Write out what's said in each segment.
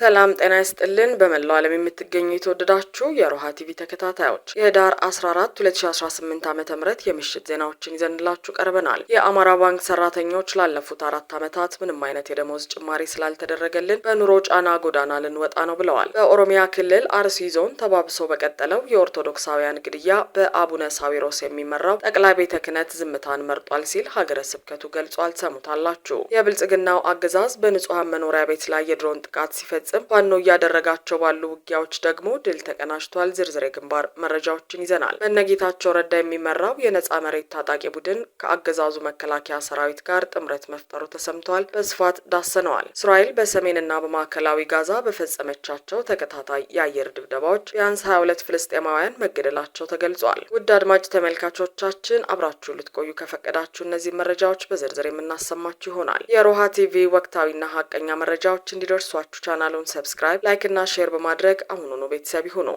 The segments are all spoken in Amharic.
ሰላም ጤና ይስጥልን። በመላው ዓለም የምትገኙ የተወደዳችሁ የሮሃ ቲቪ ተከታታዮች የህዳር 14 2018 ዓ ም የምሽት ዜናዎችን ይዘንላችሁ ቀርበናል። የአማራ ባንክ ሰራተኞች ላለፉት አራት ዓመታት ምንም አይነት የደሞዝ ጭማሪ ስላልተደረገልን በኑሮ ጫና ጎዳና ልንወጣ ነው ብለዋል። በኦሮሚያ ክልል አርሲ ዞን ተባብሶ በቀጠለው የኦርቶዶክሳውያን ግድያ በአቡነ ሳዊሮስ የሚመራው ጠቅላይ ቤተ ክህነት ዝምታን መርጧል ሲል ሀገረ ስብከቱ ገልጿል። ሰሙታላችሁ። የብልጽግናው አገዛዝ በንጹሐን መኖሪያ ቤት ላይ የድሮን ጥቃት ሲፈጽ ሲፈጽም ፋኖ እያደረጋቸው ባሉ ውጊያዎች ደግሞ ድል ተቀናጅቷል። ዝርዝር የግንባር መረጃዎችን ይዘናል። በነጌታቸው ረዳ የሚመራው የነጻ መሬት ታጣቂ ቡድን ከአገዛዙ መከላከያ ሰራዊት ጋር ጥምረት መፍጠሩ ተሰምቷል። በስፋት ዳሰነዋል። እስራኤል በሰሜንና በማዕከላዊ ጋዛ በፈጸመቻቸው ተከታታይ የአየር ድብደባዎች ቢያንስ 22 ፍልስጤማውያን መገደላቸው ተገልጿል። ውድ አድማጭ ተመልካቾቻችን አብራችሁ ልትቆዩ ከፈቀዳችሁ እነዚህ መረጃዎች በዝርዝር የምናሰማችሁ ይሆናል። የሮሃ ቲቪ ወቅታዊና ሀቀኛ መረጃዎች እንዲደርሷችሁ ቻናሉ ቻናሉን ሰብስክራይብ፣ ላይክ እና ሼር በማድረግ አሁኑኑ ቤተሰብ ይሁኑ።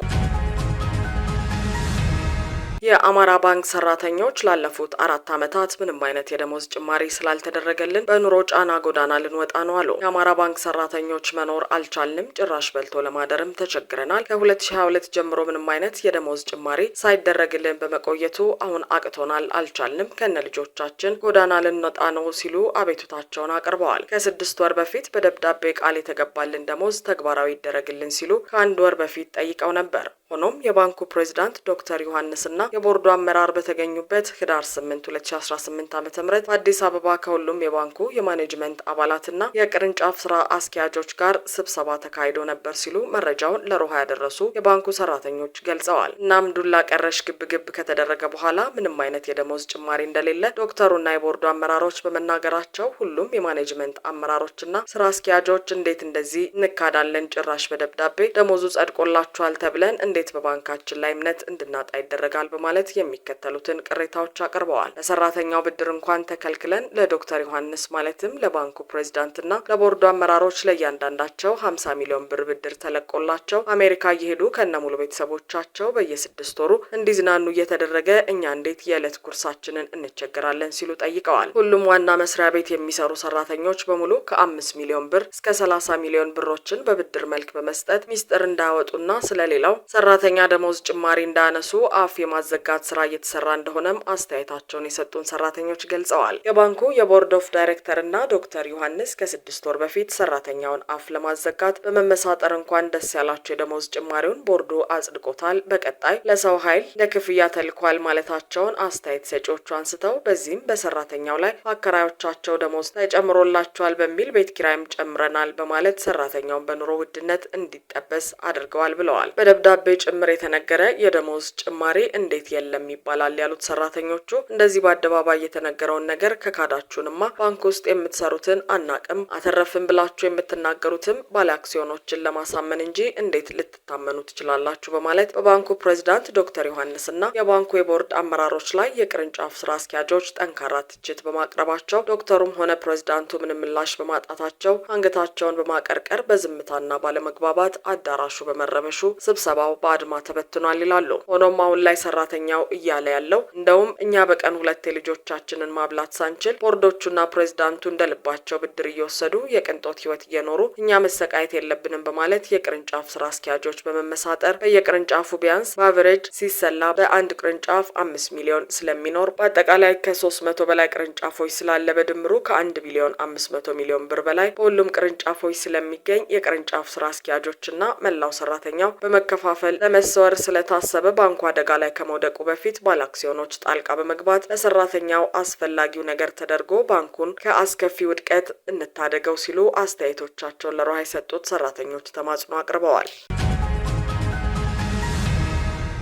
የአማራ ባንክ ሰራተኞች ላለፉት አራት ዓመታት ምንም አይነት የደሞዝ ጭማሪ ስላልተደረገልን በኑሮ ጫና ጎዳና ልንወጣ ነው አሉ። የአማራ ባንክ ሰራተኞች መኖር አልቻልንም፣ ጭራሽ በልቶ ለማደርም ተቸግረናል። ከ2022 ጀምሮ ምንም አይነት የደሞዝ ጭማሪ ሳይደረግልን በመቆየቱ አሁን አቅቶናል፣ አልቻልንም፣ ከነ ልጆቻችን ጎዳና ልንወጣ ነው ሲሉ አቤቱታቸውን አቅርበዋል። ከስድስት ወር በፊት በደብዳቤ ቃል የተገባልን ደሞዝ ተግባራዊ ይደረግልን ሲሉ ከአንድ ወር በፊት ጠይቀው ነበር። ሆኖም የባንኩ ፕሬዚዳንት ዶክተር ዮሐንስና የቦርዱ አመራር በተገኙበት ህዳር 8 2018 ዓ ም በአዲስ አበባ ከሁሉም የባንኩ የማኔጅመንት አባላትና የቅርንጫፍ ስራ አስኪያጆች ጋር ስብሰባ ተካሂዶ ነበር ሲሉ መረጃውን ለሮሃ ያደረሱ የባንኩ ሰራተኞች ገልጸዋል። እናም ዱላ ቀረሽ ግብግብ ከተደረገ በኋላ ምንም አይነት የደሞዝ ጭማሪ እንደሌለ ዶክተሩና የቦርዱ አመራሮች በመናገራቸው ሁሉም የማኔጅመንት አመራሮችና ስራ አስኪያጆች እንዴት እንደዚህ እንካዳለን? ጭራሽ በደብዳቤ ደሞዙ ጸድቆላችኋል ተብለን እንዴት ቤት በባንካችን ላይ እምነት እንድናጣ ይደረጋል በማለት የሚከተሉትን ቅሬታዎች አቅርበዋል። ለሰራተኛው ብድር እንኳን ተከልክለን ለዶክተር ዮሐንስ ማለትም ለባንኩ ፕሬዚዳንትና ለቦርዱ አመራሮች ለእያንዳንዳቸው ሀምሳ ሚሊዮን ብር ብድር ተለቆላቸው አሜሪካ እየሄዱ ከነሙሉ ቤተሰቦቻቸው በየስድስት ወሩ እንዲዝናኑ እየተደረገ እኛ እንዴት የዕለት ኩርሳችንን እንቸገራለን ሲሉ ጠይቀዋል። ሁሉም ዋና መስሪያ ቤት የሚሰሩ ሰራተኞች በሙሉ ከአምስት ሚሊዮን ብር እስከ ሰላሳ ሚሊዮን ብሮችን በብድር መልክ በመስጠት ሚስጥር እንዳያወጡና ስለሌላው ሰራ ሰራተኛ ደሞዝ ጭማሪ እንዳያነሱ አፍ የማዘጋት ስራ እየተሰራ እንደሆነም አስተያየታቸውን የሰጡን ሰራተኞች ገልጸዋል። የባንኩ የቦርድ ኦፍ ዳይሬክተር እና ዶክተር ዮሐንስ ከስድስት ወር በፊት ሰራተኛውን አፍ ለማዘጋት በመመሳጠር እንኳን ደስ ያላቸው የደሞዝ ጭማሪውን ቦርዱ አጽድቆታል፣ በቀጣይ ለሰው ኃይል ለክፍያ ተልኳል ማለታቸውን አስተያየት ሰጪዎቹ አንስተው በዚህም በሰራተኛው ላይ አከራዮቻቸው ደሞዝ ተጨምሮላቸዋል በሚል ቤት ኪራይም ጨምረናል በማለት ሰራተኛውን በኑሮ ውድነት እንዲጠበስ አድርገዋል ብለዋል። በደብዳቤ ጭምር የተነገረ የደሞዝ ጭማሪ እንዴት የለም ይባላል ያሉት ሰራተኞቹ እንደዚህ በአደባባይ የተነገረውን ነገር ከካዳችሁንማ ባንክ ውስጥ የምትሰሩትን አናቅም አተረፍን ብላችሁ የምትናገሩትም ባለ አክሲዮኖችን ለማሳመን እንጂ እንዴት ልትታመኑ ትችላላችሁ በማለት በባንኩ ፕሬዚዳንት ዶክተር ዮሐንስ የባንኩ የቦርድ አመራሮች ላይ የቅርንጫፍ ስራ አስኪያጆች ጠንካራ ትችት በማቅረባቸው ዶክተሩም ሆነ ፕሬዚዳንቱ ምን ምላሽ በማጣታቸው አንገታቸውን በማቀርቀር በዝምታና ባለመግባባት አዳራሹ በመረበሹ ስብሰባው በአድማ ተበትኗል ይላሉ። ሆኖም አሁን ላይ ሰራተኛው እያለ ያለው እንደውም እኛ በቀን ሁለት ልጆቻችንን ማብላት ሳንችል ቦርዶቹና ፕሬዚዳንቱ እንደልባቸው ብድር እየወሰዱ የቅንጦት ህይወት እየኖሩ እኛ መሰቃየት የለብንም በማለት የቅርንጫፍ ስራ አስኪያጆች በመመሳጠር በየቅርንጫፉ ቢያንስ በአቨሬጅ ሲሰላ በአንድ ቅርንጫፍ አምስት ሚሊዮን ስለሚኖር በአጠቃላይ ከሶስት መቶ በላይ ቅርንጫፎች ስላለ በድምሩ ከአንድ ቢሊዮን አምስት መቶ ሚሊዮን ብር በላይ በሁሉም ቅርንጫፎች ስለሚገኝ የቅርንጫፍ ስራ አስኪያጆችና መላው ሰራተኛው በመከፋፈል ለመሰወር ስለታሰበ ባንኩ አደጋ ላይ ከመውደቁ በፊት ባለአክሲዮኖች ጣልቃ በመግባት ለሰራተኛው አስፈላጊው ነገር ተደርጎ ባንኩን ከአስከፊ ውድቀት እንታደገው ሲሉ አስተያየቶቻቸውን ለሮሃ የሰጡት ሰራተኞች ተማጽኖ አቅርበዋል።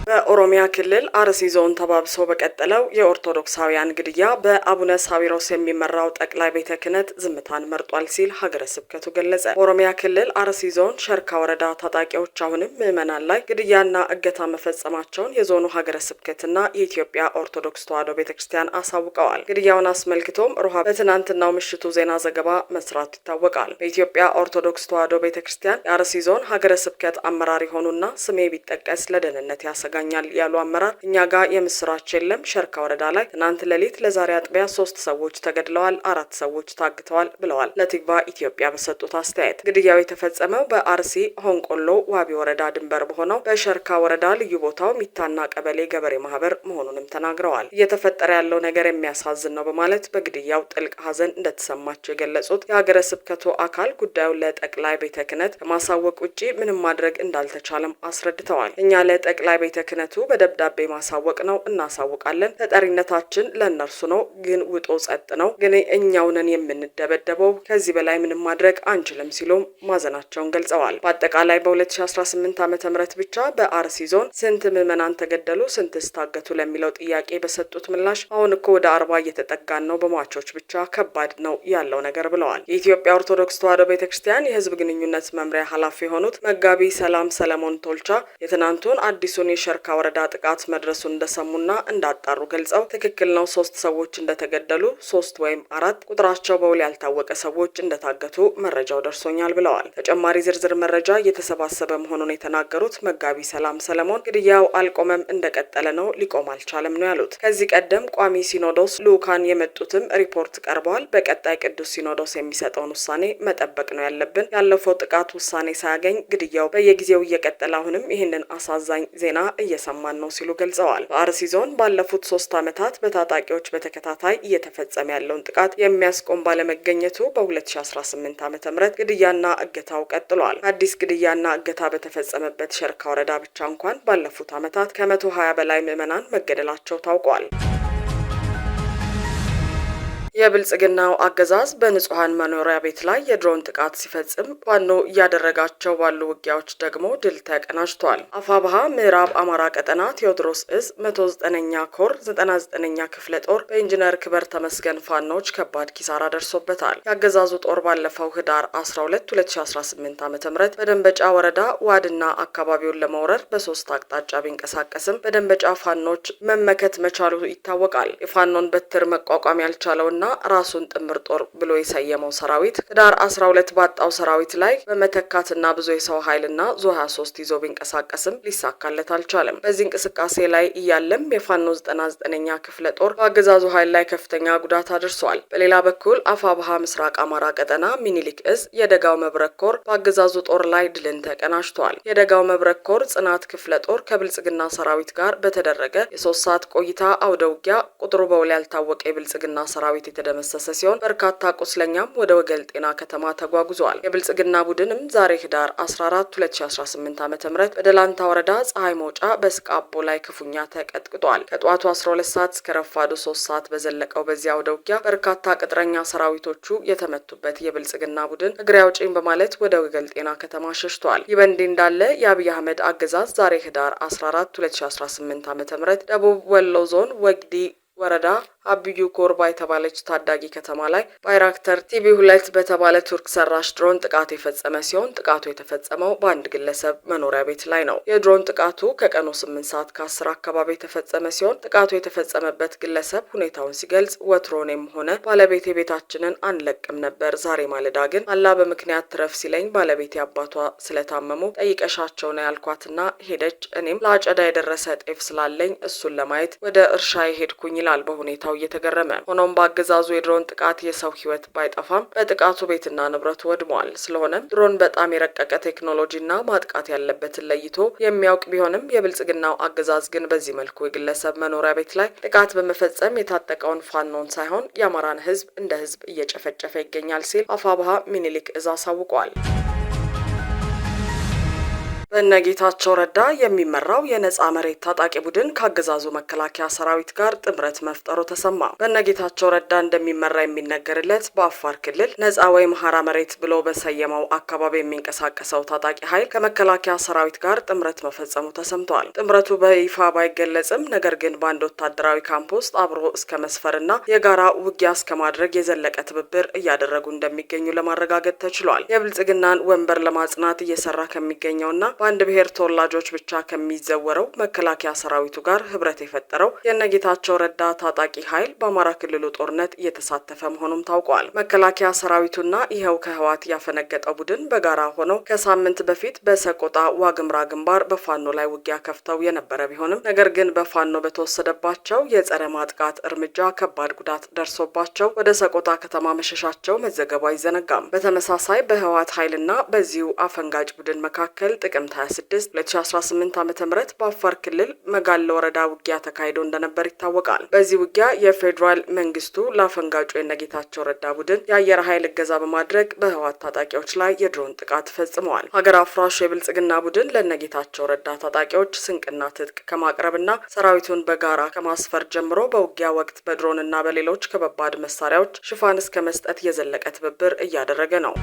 በኦሮሚያ ክልል አርሲ ዞን ተባብሶ በቀጠለው የኦርቶዶክሳውያን ግድያ በአቡነ ሳዊሮስ የሚመራው ጠቅላይ ቤተ ክህነት ዝምታን መርጧል ሲል ሀገረ ስብከቱ ገለጸ። በኦሮሚያ ክልል አርሲ ዞን ሸርካ ወረዳ ታጣቂዎች አሁንም ምዕመናን ላይ ግድያና እገታ መፈጸማቸውን የዞኑ ሀገረ ስብከትና የኢትዮጵያ ኦርቶዶክስ ተዋሕዶ ቤተ ክርስቲያን አሳውቀዋል። ግድያውን አስመልክቶም ሮሃ በትናንትናው ምሽቱ ዜና ዘገባ መስራቱ ይታወቃል። በኢትዮጵያ ኦርቶዶክስ ተዋሕዶ ቤተ ክርስቲያን የአርሲ ዞን ሀገረ ስብከት አመራር የሆኑና ስሜ ቢጠቀስ ለደህንነት ያሰጋል ያሰጋኛል ያሉ አመራር እኛ ጋር የምስራች የለም። ሸርካ ወረዳ ላይ ትናንት ሌሊት ለዛሬ አጥቢያ ሶስት ሰዎች ተገድለዋል፣ አራት ሰዎች ታግተዋል ብለዋል። ለቲግባ ኢትዮጵያ በሰጡት አስተያየት ግድያው የተፈጸመው በአርሲ ሆንቆሎ ዋቢ ወረዳ ድንበር በሆነው በሸርካ ወረዳ ልዩ ቦታው ሚታና ቀበሌ ገበሬ ማህበር መሆኑንም ተናግረዋል። እየተፈጠረ ያለው ነገር የሚያሳዝን ነው በማለት በግድያው ጥልቅ ሐዘን እንደተሰማቸው የገለጹት የሀገረ ስብከቱ አካል ጉዳዩን ለጠቅላይ ቤተ ክህነት ከማሳወቅ ውጭ ምንም ማድረግ እንዳልተቻለም አስረድተዋል። እኛ ለጠቅላይ ቤተ ክህነቱ በደብዳቤ ማሳወቅ ነው። እናሳውቃለን። ተጠሪነታችን ለእነርሱ ነው። ግን ውጦ ጸጥ ነው። ግን እኛውንን የምንደበደበው ከዚህ በላይ ምንም ማድረግ አንችልም ሲሉም ማዘናቸውን ገልጸዋል። በአጠቃላይ በ2018 ዓ ም ብቻ በአርሲ ዞን ስንት ምዕመናን ተገደሉ፣ ስንት ስታገቱ ለሚለው ጥያቄ በሰጡት ምላሽ አሁን እኮ ወደ አርባ እየተጠጋን ነው። በሟቾች ብቻ ከባድ ነው ያለው ነገር ብለዋል። የኢትዮጵያ ኦርቶዶክስ ተዋሕዶ ቤተ ክርስቲያን የህዝብ ግንኙነት መምሪያ ኃላፊ የሆኑት መጋቢ ሰላም ሰለሞን ቶልቻ የትናንቱን አዲሱን ሸርካ ወረዳ ጥቃት መድረሱን እንደሰሙና እንዳጣሩ ገልጸው ትክክል ነው፣ ሶስት ሰዎች እንደተገደሉ፣ ሶስት ወይም አራት ቁጥራቸው በውል ያልታወቀ ሰዎች እንደታገቱ መረጃው ደርሶኛል ብለዋል። ተጨማሪ ዝርዝር መረጃ እየተሰባሰበ መሆኑን የተናገሩት መጋቢ ሰላም ሰለሞን ግድያው አልቆመም፣ እንደቀጠለ ነው፣ ሊቆም አልቻለም ነው ያሉት። ከዚህ ቀደም ቋሚ ሲኖዶስ ልኡካን የመጡትም ሪፖርት ቀርበዋል። በቀጣይ ቅዱስ ሲኖዶስ የሚሰጠውን ውሳኔ መጠበቅ ነው ያለብን። ያለፈው ጥቃት ውሳኔ ሳያገኝ ግድያው በየጊዜው እየቀጠለ አሁንም ይህንን አሳዛኝ ዜና እየሰማን ነው ሲሉ ገልጸዋል። በአርሲ ዞን ባለፉት ሶስት ዓመታት በታጣቂዎች በተከታታይ እየተፈጸመ ያለውን ጥቃት የሚያስቆም ባለመገኘቱ በ2018 ዓ ም ግድያና እገታው ቀጥሏል። አዲስ ግድያና እገታ በተፈጸመበት ሸርካ ወረዳ ብቻ እንኳን ባለፉት ዓመታት ከ120 በላይ ምዕመናን መገደላቸው ታውቋል። የብልጽግናው አገዛዝ በንጹሐን መኖሪያ ቤት ላይ የድሮን ጥቃት ሲፈጽም ፋኖ እያደረጋቸው ባሉ ውጊያዎች ደግሞ ድል ተቀናጅቷል። አፋብሃ ምዕራብ አማራ ቀጠና ቴዎድሮስ እዝ 109ኛ ኮር 99ኛ ክፍለ ጦር በኢንጂነር ክበር ተመስገን ፋኖች ከባድ ኪሳራ ደርሶበታል። የአገዛዙ ጦር ባለፈው ህዳር 12 2018 ዓ ም በደንበጫ ወረዳ ዋድና አካባቢውን ለመውረር በሶስት አቅጣጫ ቢንቀሳቀስም በደንበጫ ፋኖች መመከት መቻሉ ይታወቃል። የፋኖን በትር መቋቋም ያልቻለውን ና ራሱን ጥምር ጦር ብሎ የሰየመው ሰራዊት ህዳር 12 ባጣው ሰራዊት ላይ በመተካትና ብዙ የሰው ኃይልና ዙ 23 ይዞ ቢንቀሳቀስም ሊሳካለት አልቻለም። በዚህ እንቅስቃሴ ላይ እያለም የፋኖ 99ኛ ክፍለ ጦር በአገዛዙ ኃይል ላይ ከፍተኛ ጉዳት አድርሷል። በሌላ በኩል አፋብሃ ምስራቅ አማራ ቀጠና ሚኒሊክ እዝ የደጋው መብረክ ኮር በአገዛዙ ጦር ላይ ድልን ተቀናጅተዋል። የደጋው መብረክ ኮር ጽናት ክፍለ ጦር ከብልጽግና ሰራዊት ጋር በተደረገ የሶስት ሰዓት ቆይታ አውደ ውጊያ ቁጥሩ በውል ያልታወቀ የብልጽግና ሰራዊት የተደመሰሰ ሲሆን በርካታ ቁስለኛም ወደ ወገል ጤና ከተማ ተጓጉዘዋል። የብልጽግና ቡድንም ዛሬ ህዳር 14 2018 ዓ ም በደላንታ ወረዳ ፀሐይ መውጫ በስቃቦ ላይ ክፉኛ ተቀጥቅጧል። ከጠዋቱ 12 ሰዓት እስከ ረፋዱ 3 ሰዓት በዘለቀው በዚያ አውደ ውጊያ በርካታ ቅጥረኛ ሰራዊቶቹ የተመቱበት የብልጽግና ቡድን እግሬ አውጪኝ በማለት ወደ ወገል ጤና ከተማ ሸሽቷል። ይህ በእንዲህ እንዳለ የአብይ አህመድ አገዛዝ ዛሬ ህዳር 14 2018 ዓ ም ደቡብ ወሎ ዞን ወግዲ ወረዳ አብዩ ጎርባ የተባለች ታዳጊ ከተማ ላይ ባይራክተር ቲቪ ሁለት በተባለ ቱርክ ሰራሽ ድሮን ጥቃት የፈጸመ ሲሆን ጥቃቱ የተፈጸመው በአንድ ግለሰብ መኖሪያ ቤት ላይ ነው። የድሮን ጥቃቱ ከቀኑ ስምንት ሰዓት ከአስር አካባቢ የተፈጸመ ሲሆን ጥቃቱ የተፈጸመበት ግለሰብ ሁኔታውን ሲገልጽ ወትሮኔም ሆነ ባለቤቴ ቤታችንን አንለቅም ነበር። ዛሬ ማለዳ ግን አላ በምክንያት ትረፍ ሲለኝ ባለቤቴ አባቷ ስለታመሙ ጠይቀሻቸው ነው ያልኳትና ሄደች። እኔም ለአጨዳ የደረሰ ጤፍ ስላለኝ እሱን ለማየት ወደ እርሻ የሄድኩኝ ይላል በሁኔታ ሁኔታው እየተገረመ ሆኖም በአገዛዙ የድሮን ጥቃት የሰው ህይወት ባይጠፋም በጥቃቱ ቤትና ንብረቱ ወድመዋል። ስለሆነም ድሮን በጣም የረቀቀ ቴክኖሎጂና ማጥቃት ያለበትን ለይቶ የሚያውቅ ቢሆንም የብልጽግናው አገዛዝ ግን በዚህ መልኩ የግለሰብ መኖሪያ ቤት ላይ ጥቃት በመፈጸም የታጠቀውን ፋኖን ሳይሆን የአማራን ህዝብ እንደ ህዝብ እየጨፈጨፈ ይገኛል ሲል አፋብሃ ሚኒሊክ እዝ አሳውቋል። በነጌታቸው ረዳ የሚመራው የነፃ መሬት ታጣቂ ቡድን ከአገዛዙ መከላከያ ሰራዊት ጋር ጥምረት መፍጠሩ ተሰማ። በእነጌታቸው ረዳ እንደሚመራ የሚነገርለት በአፋር ክልል ነፃ ወይም ሀራ መሬት ብሎ በሰየመው አካባቢ የሚንቀሳቀሰው ታጣቂ ኃይል ከመከላከያ ሰራዊት ጋር ጥምረት መፈጸሙ ተሰምተዋል። ጥምረቱ በይፋ ባይገለጽም ነገር ግን በአንድ ወታደራዊ ካምፕ ውስጥ አብሮ እስከ መስፈርና የጋራ ውጊያ እስከ ማድረግ የዘለቀ ትብብር እያደረጉ እንደሚገኙ ለማረጋገጥ ተችሏል። የብልጽግናን ወንበር ለማጽናት እየሰራ ከሚገኘውና በአንድ ብሔር ተወላጆች ብቻ ከሚዘወረው መከላከያ ሰራዊቱ ጋር ህብረት የፈጠረው የነጌታቸው ረዳ ታጣቂ ኃይል በአማራ ክልሉ ጦርነት እየተሳተፈ መሆኑም ታውቋል። መከላከያ ሰራዊቱና ይኸው ከህዋት ያፈነገጠው ቡድን በጋራ ሆነው ከሳምንት በፊት በሰቆጣ ዋግምራ ግንባር በፋኖ ላይ ውጊያ ከፍተው የነበረ ቢሆንም ነገር ግን በፋኖ በተወሰደባቸው የጸረ ማጥቃት እርምጃ ከባድ ጉዳት ደርሶባቸው ወደ ሰቆጣ ከተማ መሸሻቸው መዘገቡ አይዘነጋም። በተመሳሳይ በህዋት ኃይልና በዚሁ አፈንጋጭ ቡድን መካከል ጥቅም ጥቅምት 26 2018 ዓ ም በአፋር ክልል መጋለ ወረዳ ውጊያ ተካሂዶ እንደነበር ይታወቃል። በዚህ ውጊያ የፌዴራል መንግስቱ ለአፈንጋጩ የነጌታቸው ረዳ ቡድን የአየር ኃይል እገዛ በማድረግ በህዋት ታጣቂዎች ላይ የድሮን ጥቃት ፈጽመዋል። ሀገር አፍራሹ የብልጽግና ቡድን ለነጌታቸው ረዳ ታጣቂዎች ስንቅና ትጥቅ ከማቅረብና ሰራዊቱን በጋራ ከማስፈር ጀምሮ በውጊያ ወቅት በድሮንና በሌሎች ከባባድ መሳሪያዎች ሽፋን እስከ መስጠት የዘለቀ ትብብር እያደረገ ነው።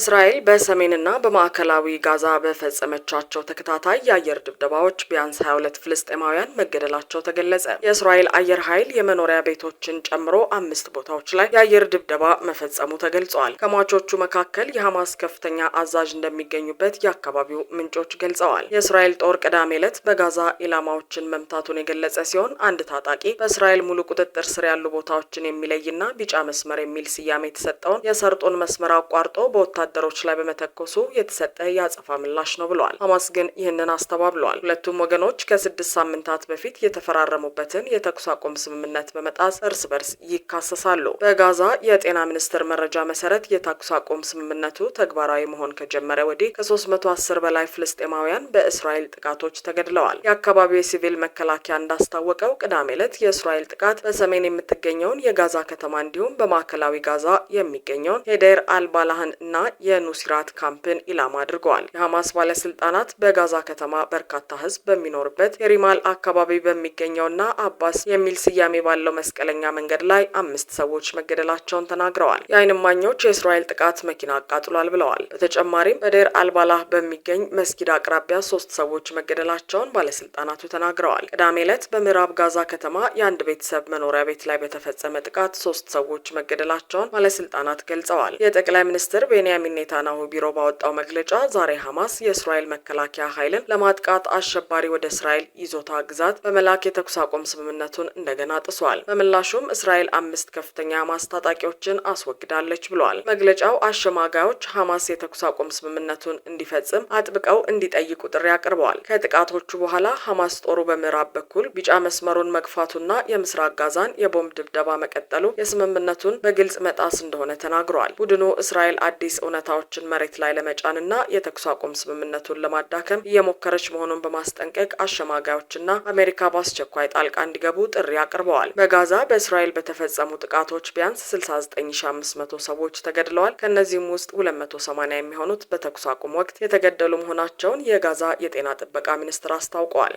እስራኤል በሰሜንና በማዕከላዊ ጋዛ በፈጸመቻቸው ተከታታይ የአየር ድብደባዎች ቢያንስ 22 ፍልስጤማውያን መገደላቸው ተገለጸ። የእስራኤል አየር ኃይል የመኖሪያ ቤቶችን ጨምሮ አምስት ቦታዎች ላይ የአየር ድብደባ መፈጸሙ ተገልጸዋል። ከሟቾቹ መካከል የሐማስ ከፍተኛ አዛዥ እንደሚገኙበት የአካባቢው ምንጮች ገልጸዋል። የእስራኤል ጦር ቅዳሜ ዕለት በጋዛ ኢላማዎችን መምታቱን የገለጸ ሲሆን አንድ ታጣቂ በእስራኤል ሙሉ ቁጥጥር ስር ያሉ ቦታዎችን የሚለይና ቢጫ መስመር የሚል ስያሜ የተሰጠውን የሰርጡን መስመር አቋርጦ በወታ ወታደሮች ላይ በመተኮሱ የተሰጠ የአጸፋ ምላሽ ነው ብለዋል። ሐማስ ግን ይህንን አስተባብለዋል። ሁለቱም ወገኖች ከስድስት ሳምንታት በፊት የተፈራረሙበትን የተኩስ አቁም ስምምነት በመጣስ እርስ በርስ ይካሰሳሉ። በጋዛ የጤና ሚኒስቴር መረጃ መሰረት የተኩስ አቁም ስምምነቱ ተግባራዊ መሆን ከጀመረ ወዲህ ከ310 በላይ ፍልስጤማውያን በእስራኤል ጥቃቶች ተገድለዋል። የአካባቢው የሲቪል መከላከያ እንዳስታወቀው ቅዳሜ ዕለት የእስራኤል ጥቃት በሰሜን የምትገኘውን የጋዛ ከተማ እንዲሁም በማዕከላዊ ጋዛ የሚገኘውን ሄደር አልባላህን እና የኑሲራት ካምፕን ኢላማ አድርገዋል። የሐማስ ባለስልጣናት በጋዛ ከተማ በርካታ ህዝብ በሚኖርበት የሪማል አካባቢ በሚገኘውና አባስ የሚል ስያሜ ባለው መስቀለኛ መንገድ ላይ አምስት ሰዎች መገደላቸውን ተናግረዋል። የዓይን እማኞች የእስራኤል ጥቃት መኪና አቃጥሏል ብለዋል። በተጨማሪም በዴር አልባላህ በሚገኝ መስጊድ አቅራቢያ ሶስት ሰዎች መገደላቸውን ባለስልጣናቱ ተናግረዋል። ቅዳሜ ዕለት በምዕራብ ጋዛ ከተማ የአንድ ቤተሰብ መኖሪያ ቤት ላይ በተፈጸመ ጥቃት ሶስት ሰዎች መገደላቸውን ባለስልጣናት ገልጸዋል። የጠቅላይ ሚኒስትር ቤንያ ቤንያሚን ኔታናሁ ቢሮ ባወጣው መግለጫ ዛሬ ሐማስ የእስራኤል መከላከያ ኃይልን ለማጥቃት አሸባሪ ወደ እስራኤል ይዞታ ግዛት በመላክ የተኩስ አቁም ስምምነቱን እንደገና ጥሷል። በምላሹም እስራኤል አምስት ከፍተኛ ሐማስ ታጣቂዎችን አስወግዳለች ብሏል። መግለጫው አሸማጋዮች ሐማስ የተኩስ አቁም ስምምነቱን እንዲፈጽም አጥብቀው እንዲጠይቁ ጥሪ አቅርበዋል። ከጥቃቶቹ በኋላ ሐማስ ጦሩ በምዕራብ በኩል ቢጫ መስመሩን መግፋቱና የምስራቅ ጋዛን የቦምብ ድብደባ መቀጠሉ የስምምነቱን በግልጽ መጣስ እንደሆነ ተናግሯል። ቡድኑ እስራኤል አዲስ እውነታዎችን መሬት ላይ ለመጫንና የተኩስ አቁም ስምምነቱን ለማዳከም እየሞከረች መሆኑን በማስጠንቀቅ አሸማጋዮችና አሜሪካ በአስቸኳይ ጣልቃ እንዲገቡ ጥሪ አቅርበዋል። በጋዛ በእስራኤል በተፈጸሙ ጥቃቶች ቢያንስ 69500 ሰዎች ተገድለዋል። ከእነዚህም ውስጥ 280 የሚሆኑት በተኩስ አቁም ወቅት የተገደሉ መሆናቸውን የጋዛ የጤና ጥበቃ ሚኒስቴር አስታውቀዋል።